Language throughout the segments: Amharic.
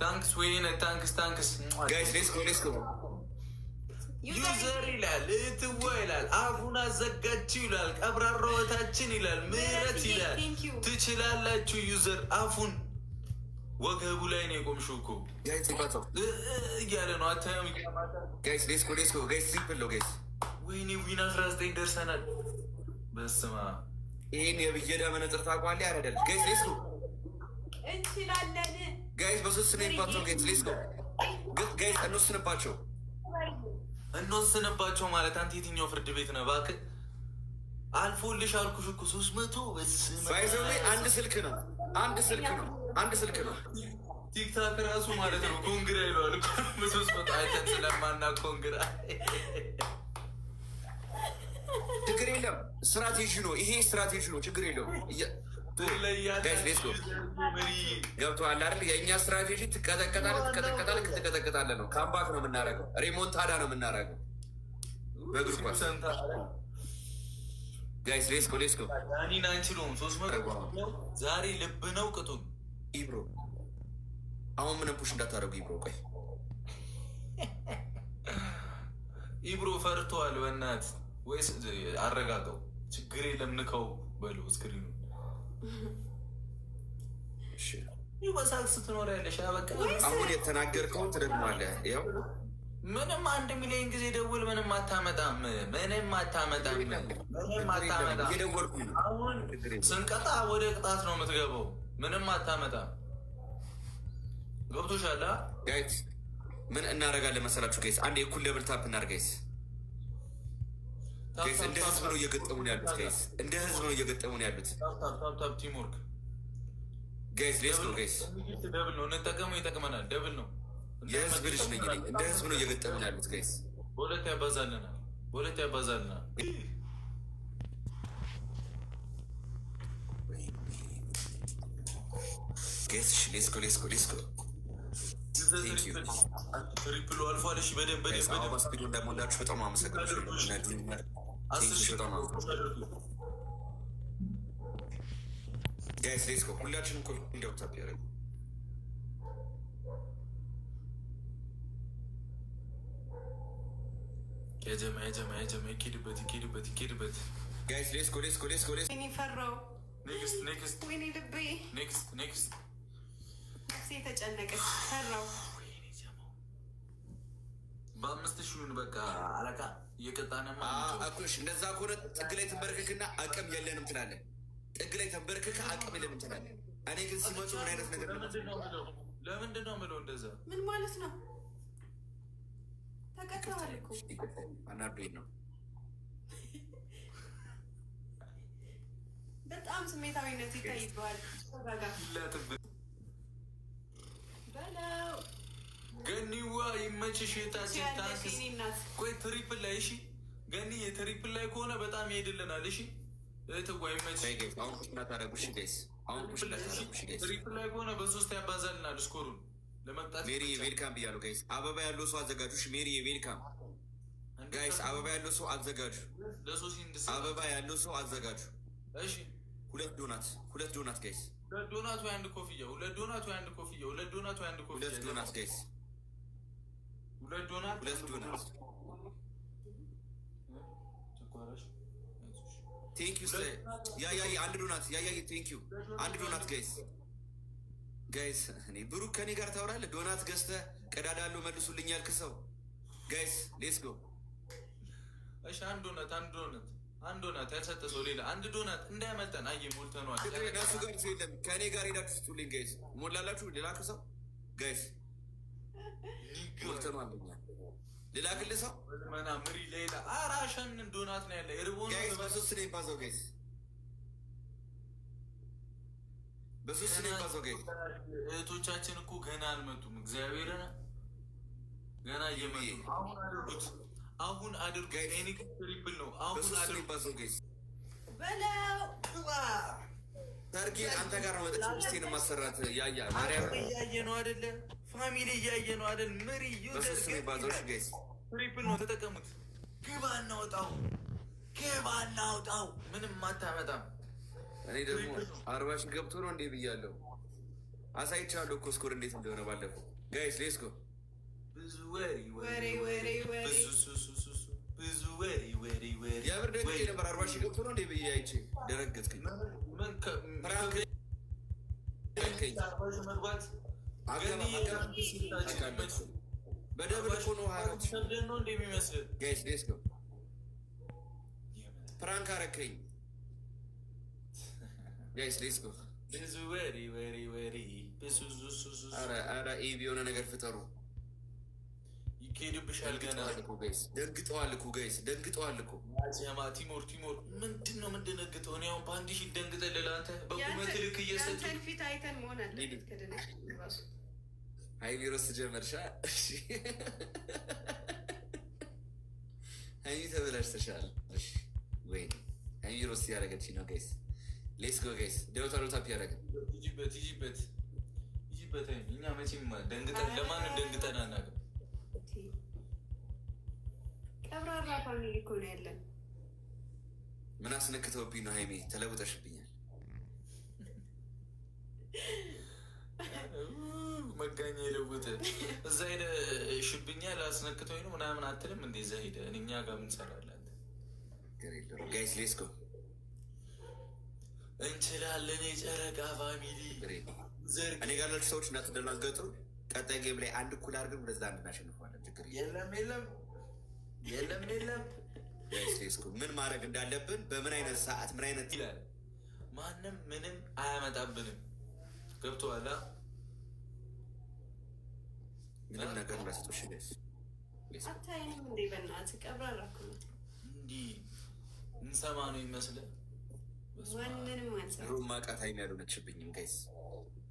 ታንክስ ወይኔ ታንክስ ታንክስ ጋይስ ሌስ ጎ ዩዘር ይላል እህትዋ ይላል አፉን አዘጋችው ይላል ቀብራራወታችን ይላል ምህረት ይላል ትችላላችሁ ዩዘር አፉን ወገቡ ላይ ነው የቆምሽው እኮ እያለ ነው አታየም ጋይስ ሌስ ጎ ጋይስ ሲምፕል ነው ጋይስ ወይኔ ዊን አስራ ዘጠኝ ደርሰናል በስማ ይህን የብየዳ መነጽር ታቋል ያረዳል ጋይስ ሌስ እንችላለን ጋይስ በሶስትነባቸው ጋይስ ሌስ ጋይስ እንወስንባቸው እንወስንባቸው ማለት አንተ የትኛው ፍርድ ቤት ነው እባክህ አልፎልሽ አልኩሽ እኮ ሶስት መቶ አንድ ስልክ ነው አንድ ስልክ ነው አንድ ስልክ ነው ቲክታክ ራሱ ማለት ነው ኮንግራ ይለዋል ሶስት መቶ አይተን ስለማና ኮንግራ ችግር የለም ስትራቴጂ ነው ይሄ ስትራቴጂ ነው ችግር የለውም ገብቶሃል አይደል? የእኛ ስትራቴጂ ትቀጠቀጣለህ፣ ትቀጠቀጣለህ፣ ክትቀጠቀጣለህ ነው። ካምባክ ነው የምናደርገው፣ ሪሞንታዳ ነው የምናደርገው በእግር ኳስ ጋይስ ሌስኮ ሌስኮ ዳኒን አንችለውም። ሶስት መቶ ዛሬ ልብ ነው ቅጡ ኢብሮ አሁን ምንም ፑሽ እንዳታደርጉ ኢብሮ። ቆይ ኢብሮ ፈርተዋል። በእናት ወይስ አረጋገው ችግር የለም ንከው በለው እስክሪኑ በሳቅ ስትኖር አሁን የተናገርከው ትደግሟለህ። ያው ምንም አንድ ሚሊዮን ጊዜ ደውል፣ ምንም አታመጣም፣ ምንም አታመጣም፣ ምንም አታመጣም። አሁን ስንቀጣ ወደ ቅጣት ነው የምትገባው። ምንም አታመጣም። ገብቶሻል? ጋይት ምን እናደርጋለን መሰላችሁ? ጋይስ አንድ የኩል ደብል ታፕ እናድርግ ጋይስ እንደ ህዝብ ነው እየገጠሙ ነው ያሉት። ጋይስ እንደ ህዝብ ነው እየገጠሙ ያሉት። ቲምወርክ ጋይስ ሌስ ነው ጋይስ ደብል ነው እንጠቀመው፣ ይጠቅመናል። ደብል ነው የህዝብ ልጅ ነኝ እኔ። እንደ ህዝብ ነው እየገጠሙ ያሉት። ጋይስ በሁለት ያባዛልናል፣ በሁለት ያባዛልናል። ጋይስ እሺ፣ ሌስ ጎ ሪፕሉ አልፏል። እሺ በደንብ በደንብ በደንብ ስፒዱ እንደሞላችሁ በጣም አመሰግናለሁ። Аз също там. Гай, средства, кулячен кулячен кулячен Едем, едем, едем, Кирибати, Кирибати, Кирибати. Guys, let's go, let's go, let's go, let's go. We need Farro. Next, next. We need a B. Next, next. ነፍሴ ተጨነቀች። ፈራው በአምስት ሺሁን በቃ አለቃ እየቀጣነ እኮሽ እንደዛ ከሆነ ጥግ ላይ ተንበርክክና አቅም የለንም ትላለን። ጥግ ላይ ተንበርክክ አቅም የለንም ትላለን። እኔ ግን ሲመጡ ምን አይነት ነገር ለምንድን ነው ምለው? እንደዛ ምን ማለት ነው? ተቀጥተዋል እኮ ነው። በጣም ስሜታዊነት ይታይበዋል። ተረጋጋ። ይመችሽ። ቆይ ትሪፕል ላይ እሺ፣ ገኒ የትሪፕል ላይ ከሆነ በጣም ይሄድልናል። እሺ እህትዋ ይመችሽ። አሁን ኩሽና ታደርጉሽ ዴስ አሁን ኩሽና ታደርጉሽ ዴስ ትሪፕል ላይ ከሆነ በሶስት ያባዛልናል ስኮሩን ለመምጣት። ሜሪ የቬልካም ብያለሁ ጋይስ። አበባ ያለው ሰው አዘጋጁሽ። ሜሪ የቬልካም ጋይስ፣ አበባ ያለው ሰው አዘጋጁ። አበባ ያለው ሰው አዘጋጁ። እሺ ሁለት ዶናት፣ ሁለት ዶናት ጋይስ፣ ሁለት ዶናት ወይ አንድ ኮፍያ፣ ሁለት ዶናት ወይ አንድ ኮፍያ፣ ሁለት ዶናት ወይ አንድ ኮፍያ፣ ሁለት ዶናት ጋይስ ሁለት ዶናት ሁለት ዶናት። ቴንክ ዩ ያ ያ አንድ ዶናት ያ ያ ቴንክ ዩ አንድ ዶናት ጋይስ ጋይስ። እኔ ብሩክ ከኔ ጋር ታወራለህ። ዶናት ገዝተህ ቀዳዳ አለው መልሱልኝ ያልክ ሰው ጋይስ ሌትስ ጎ። እሺ አንድ ዶናት አንድ ዶናት አንድ ዶናት ያልሰጠ ሰው ሌላ አንድ ዶናት እንዳያመልጠን። አየህ ሞልተነዋል። ከእሱ ጋር የለም። ከእኔ ጋር ሄዳችሁ ስጡልኝ ጋይስ። ሞላላችሁ ሌላ ሰው ጋይስ አንደኛ ሌላ ክል ሰው መና ምሪ ሌላ አራሸን ዶናት ነው ያለ የርቦጋይስ በሶስት ነው ባዘው ጋይስ በሶስት ነው ባዘው ጋይስ እህቶቻችን እኮ ገና አልመጡም። እግዚአብሔር ገና እየመጡ አሁን አድርጉት፣ አሁን አድርጉት። ኔኒክ ትሪፕል ነው አሁን አድርጉት። በሶስት ነው ባዘው ጋይስ በለው ተርኪ አንተ ጋር መጠች ውስቴን ማሰራት ያያ ማርያም እያየ ነው አደለ? ፋሚሊ እያየ ነው አደል? መሪ ዩዘር ትሪፕል ነው ተጠቀሙት። ግባ እናውጣው፣ ግባ እናውጣው። ምንም አታመጣም። እኔ ደግሞ አርባሽ ገብቶ ነው እንዴ ብያለሁ። አሳይቻለሁ እኮ ስኮር እንዴት እንደሆነ ባለፈው። ጋይስ ሌስኮ ብዙ ወሬ ወሬ ወሬ ወሬ ብዙ ወሬ ወሬ ወሬ የምር ደግ ነበር። አርባሽ ገብቶ ነው እንዴ ብዬ አይቼ ደረገጥኩኝ። መግባት ፕራንክ አረከኝ። ሌስ ጎ ኧረ ኤቢ የሆነ ነገር ፍጠሩ። ይሄድብሻል። ገና ደንግጠዋል እኮ ጋይስ፣ ደንግጠዋል እኮ ማ ቲሞር ቲሞር፣ ምንድን ነው የምንደነግጠው? እኔ አሁን በአንድ ሺህ ደንግጠን ለላንተ በቁመት ልክ እየሰጠን ፊት አይተን መሆን አለበት። ሀይሚሮስ ጀመርሻ ሀይሚ ተበላሽተሻል። ወይ ሀይሚሮስ ያደረገች ነው ጋይስ። ሌስ ጎ ጋይስ፣ ደወታ ደወታ ያደረገ ይጅበት ይጅበት ይጅበት። እኛ መቼም ደንግጠን ለማንም ደንግጠን አናውቅም። ያለን ምን አስነክተውብኝ ነው? ሀይሜ ተለውጠሽብኛል። መጋኝ የለውጥ እዛ ሄደ ሽብኛል አስነክተውኝ ነው ምናምን አትልም እንዴ? እዛ ሄደ እኛ ጋር ምን ጋይስ ሌስ እንችላለን። የጨረቃ ፋሚሊ እኔ ጋር ሰዎች እናትደናገጡ። ቀጣይ ጌም ላይ አንድ እኩል አድርገን ወደዛ እንድናሸንፈዋለን። ችግር የለም የለም የለም የለም ምን ማድረግ እንዳለብን በምን አይነት ሰዓት ምን አይነት ይላል። ማንም ምንም አያመጣብንም። ገብቶ አላ ምንም ነገር ለሴቶች አታይም እንዴ? በእናትህ ቀብራራ እንዲህ እንሰማ ነው ይመስለን። ማንንም ሩም ማቃት አይን ያልሆነችብኝም ጋይስ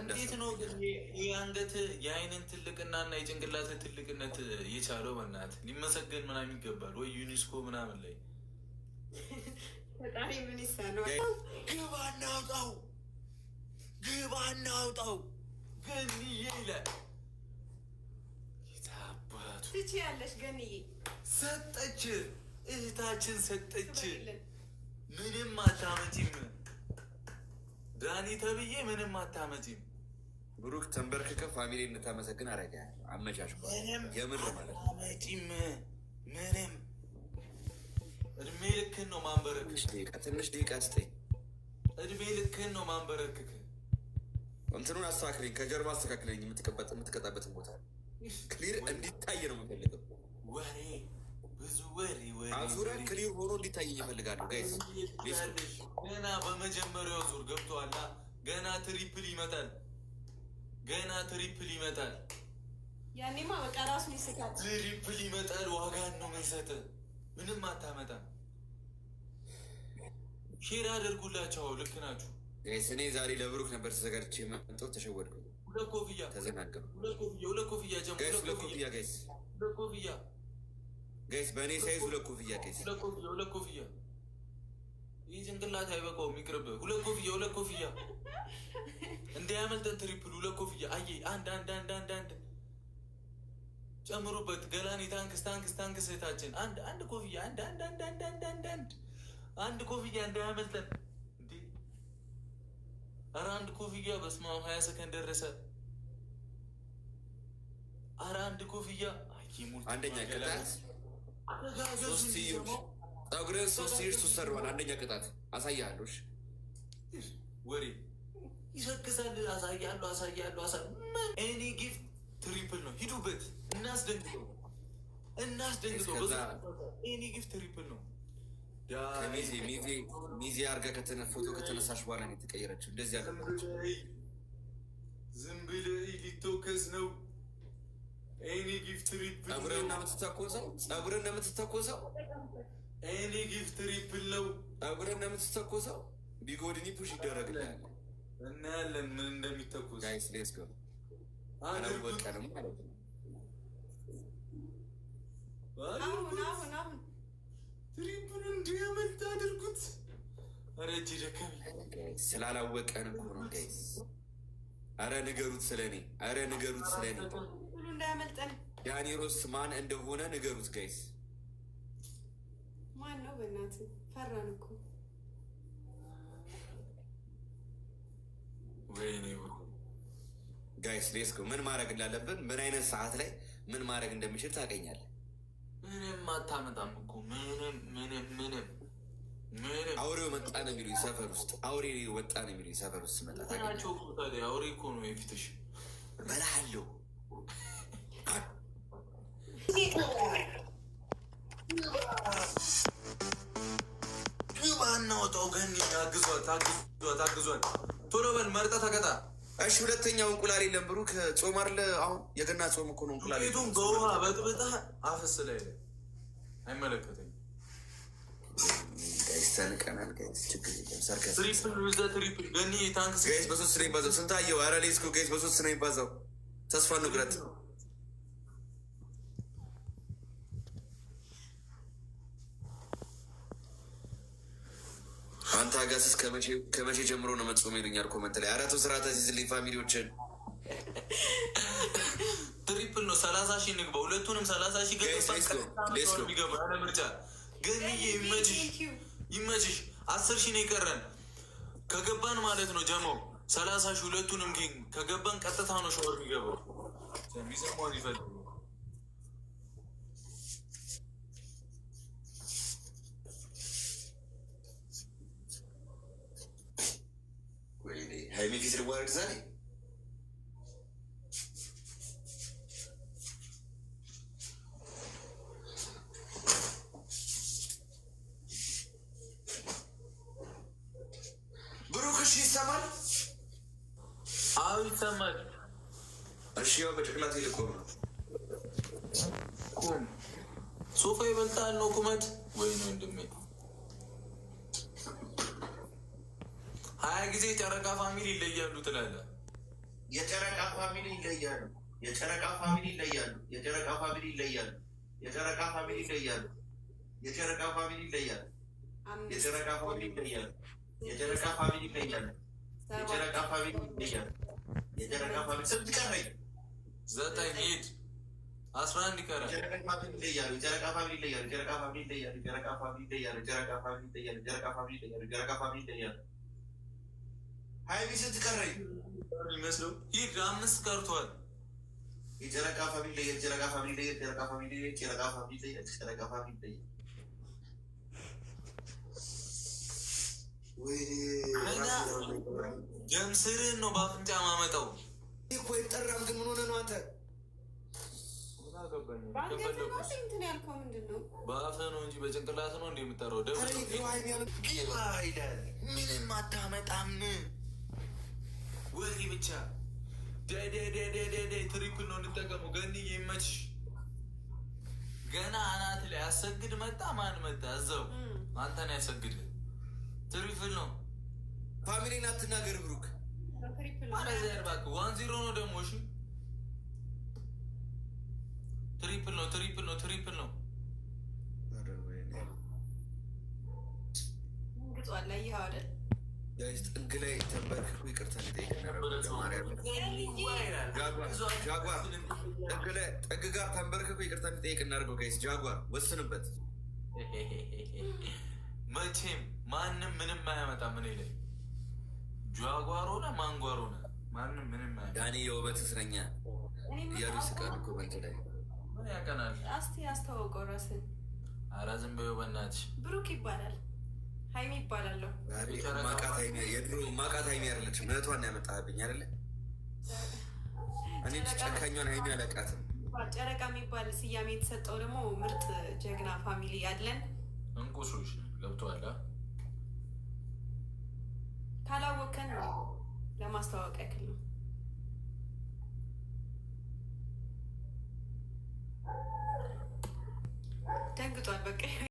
እንዴት ነው ግን የአንገት የአይንን ትልቅና እና የጭንቅላት ትልቅነት የቻለው? በእናት ሊመሰገን ምናምን ይገባል ወይ ዩኒስኮ ምናምን ላይ ግባ እናውጣው፣ ግባ እናውጣው። ገንዬ ይላል የታባቱ ትችያለሽ። ገንዬ ሰጠች፣ እህታችን ሰጠች። ምንም አታመጪም ዳኒ ተብዬ ምንም አታመጪም። ብሩክ ተንበርክከ ፋሚሊ እንድታመሰግን አረገ አመቻች የምር ማለት ምንም እድሜ ልክን ነው ማንበረክክ። ትንሽ ደቂቃ ስጠኝ። እድሜ ልክን ነው ማንበረክክ። እንትኑን አስተካክለኝ፣ ከጀርባ አስተካክለኝ። የምትቀጣበትን ቦታ ክሊር እንዲታይ ነው የምፈልገው። ወሬ ብዙ ወሬ ወሬ አዙረ ክሊር ሆኖ እንዲታይ ይፈልጋሉ ጋይስ ገና በመጀመሪያው ዙር ገብተዋልና ገና ትሪፕል ይመጣል። ገና ትሪፕል ይመጣል። ያኔማ በቃ ራሱ ይስቃል። ትሪፕል ይመጣል። ዋጋን ነው መሰጠ። ምንም አታመጣም። ሼር አድርጉላቸው። ልክ ናችሁ። እኔ ዛሬ ለብሩክ ነበር ተዘጋጅቼ የመጣው ተሸወድኩ። ሁለት ኮፍያ ተዘናገሩ። ሁለት ኮፍያ ጀምሮ ሁለት ኮፍያ ጋይስ፣ ሁለት ኮፍያ ጋይስ፣ በእኔ ሳይዝ ሁለት ኮፍያ ጋይስ፣ ሁለት ኮፍያ ይህ ጭንቅላት አይበቃውም፣ ይቅርብ። ሁለት ኮፍያ ሁለት ኮፍያ እንዳያመልጠን ትሪፕል ሁለት ኮፍያ። አየ አንድ አንድ አንድ አንድ አንድ ጨምሩበት። ገላኔ ታንክስ ታንክስ ታንክስ። እህታችን አንድ አንድ ኮፍያ አንድ አንድ አንድ አንድ አንድ አንድ አንድ አንድ ኮፍያ እንዳያመልጠን። እንዴ ኧረ አንድ ኮፍያ በስመ አብ ሀያ ሰከንድ ደረሰ። ኧረ አንድ ኮፍያ አንደኛ ቅጣት ጸጉርህን ሶስት ሂድ ሰርዋል። አንደኛ ቅጣት አሳያለሁ። ወሬ ይሰግዛል። አሳያለሁ፣ አሳያለሁ፣ አሳ እኔ ጊፍት ትሪፕል ነው። ሂዱበት፣ እናስደንግጠው፣ እናስደንግጠው። እኔ ጊፍት ትሪፕል ነው። ሚዜ አርጋ ፎቶ ከተነሳሽ በኋላ ነው የተቀየረችው። እንደዚህ ያለ ዝም ብለህ ሊቶከስ ነው። እኔ ጊፍት ትሪፕል ጸጉርህን እንደምትተኮሰው ጸጉርህን እንደምትተኮሰው እኔ ጊፍት ሪፕል ነው አብረን እንደምትተኮሰው ቢጎድኒ ፑሽ ይደረግልናል። እናያለን ምን እንደሚተኮስ ስሌስ ገ አላወቀንም ማለት ነው። አሁን አሁን ትሪፕሉ እንዲያመልጥ አድርጉት። ኧረ እጅ ደከመኝ። ስላላወቀን እኮ ነው ጋይስ። አረ ንገሩት ስለኔ፣ አረ ንገሩት ስለኔ። ዳኒ ሮስ ማን እንደሆነ ንገሩት ጋይስ ማን ነው? በእናት ፈራን እኮ ወይኔ ጋይስ ሬስክ ምን ማድረግ እንዳለብን ምን አይነት ሰዓት ላይ ምን ማድረግ እንደሚችል ታገኛለህ። ምንም አታመጣም እኮ ምንም ምንም ምንም ምንም። አውሬው መጣ ነው የሚሉኝ ሰፈር ውስጥ አውሬ ወጣ ነው የሚሉኝ ሰፈር ውስጥ መጣ ናቸው። አውሬ እኮ ነው የፊትሽ በላሃለሁ ታግዞን ቶሎ በል መርጠ ተቀጣ። እሺ ሁለተኛው እንቁላል የለም ብሩክ፣ ጾም አለ አሁን የገና ጾም እኮ ነው። እንቁላል ቤቱም በውሃ በጥብጣ አፍስ ላይ አይመለከተኝ ተንቀናል። ትሪፕል በሶስት ነው የሚባዛው። ተስፋ ንግረት አንተ አጋስስ ከመቼ ጀምሮ ነው መጽሁም ይሉኛል። ኮመንት ላይ አራቱ ስርዓት ሲዝልኝ ፋሚሊዎችን ትሪፕል ነው ሰላሳ ሺ ንግባ ሁለቱንም ሰላሳ ሺህ ገባ ምርጫ ግን ይመችሽ። አስር ሺ ነው የቀረን ከገባን ማለት ነው ጀመው ሰላሳ ሺ ሁለቱንም ግን ከገባን ቀጥታ ነው ሸወር የሚገባው ሚሰማን ይፈልግ ሀይሚ ፊት ልዋረድ ዛሬ ብሩክሽ ይሰማል? አዎ ይሰማል። እሺ ያው ሶፋ ይበልጣል ነው ቁመት ወይ ነው ወንድሜ ሀያ ጊዜ የጨረቃ ፋሚሊ ይለያሉ ትላለህ። የጨረቃ ፋሚሊ ይለያሉ። የጨረቃ ፋሚሊ ይለያሉ። የጨረቃ ፋሚሊ ይለያሉ። የጨረቃ ፋሚሊ ይለያሉ። የጨረቃ ፋሚሊ ይለያሉ። የጨረቃ ፋሚሊ ይለያሉ። የጨረቃ ፋሚሊ ይለያሉ። የጨረቃ ፋሚሊ ይለያሉ። የጨረቃ ፋሚሊ ስንት ቀረኝ? ዘጠኝ ሂድ አስራ አንድ ይቀራል። የጨረቃ ፋሚሊ ይለያሉ። የጨረቃ ፋሚሊ ይለያሉ። የጨረቃ ፋሚሊ ይለያሉ። የጨረቃ ፋሚሊ ይለያሉ። የጨረቃ ፋሚሊ ይለያሉ። የጨረቃ ፋሚሊ ይለያሉ። የጨረቃ ፋሚሊ ይለያሉ። ሀይሚ ስንት ቀረኝ ይመስለው? ይህ አምስት ቀርቷል። የጨረቃ ፋሚሊ ለየት፣ ጨረቃ ፋሚሊ ለየት፣ ጨረቃ ፋሚሊ ለየት፣ ጨረቃ ፋሚሊ ለየት፣ ጨረቃ ፋሚሊ ለየት። ደም ስርህን ነው በአፍንጫ ማመጣው እኮ የጠራም ግን ምን ሆነ ነው አንተ በአፈ ነው እንጂ በጭንቅላት ነው እንደ የምጠራው። ደም ምንም አታመጣም። ወሬ ብቻ ደደደደደደ ትሪኩን ነው እንጠቀሙ። ገኒ ይመችሽ። ገና አናት ላይ አሰግድ መጣ። ማን መጣ? እዛው አንተ ነው ያሰግድ። ትሪፍል ነው። ፋሚሊን አትናገር ብሩክ። ዋን ዚሮ ነው ደግሞ። እሺ ትሪፕል ነው፣ ትሪፕል ነው፣ ትሪፕል ነው። ጥንግ ላይ ተንበርክኩ። ይቅርታ ጃጓር ጥግ ጋር ተንበርክኮ ይቅርታ የሚጠይቅ እናድርገው። ጋይስ ጃጓር ወስንበት። መቼም ማንም ምንም አያመጣ። ምን ይለ ጃጓር ሆነ ማንጓር ሆነ ማንም ምንም ዳኒ የውበት እስረኛ እያሉ ስቃል እኮ በንት ላይ ምን ያቀናል። አስቲ አስተዋውቀው ራስን። ኧረ ዝም በይው ብሩክ ይባላል። ሀይሚ ይባላለሁ የድሮ ማቃት ሀይሚ አይደለችም። እህቷን ያመጣብኝ አይደለ? እኔ ጨካኛን ሀይሚ አላውቃትም። ጨረቃ የሚባል ስያሜ የተሰጠው ደግሞ ምርጥ ጀግና ፋሚሊ ያለን እንቁሶች ገብተዋል። ካላወቀን ለማስተዋወቅ ያክል ነው። ደንግጧል በቃ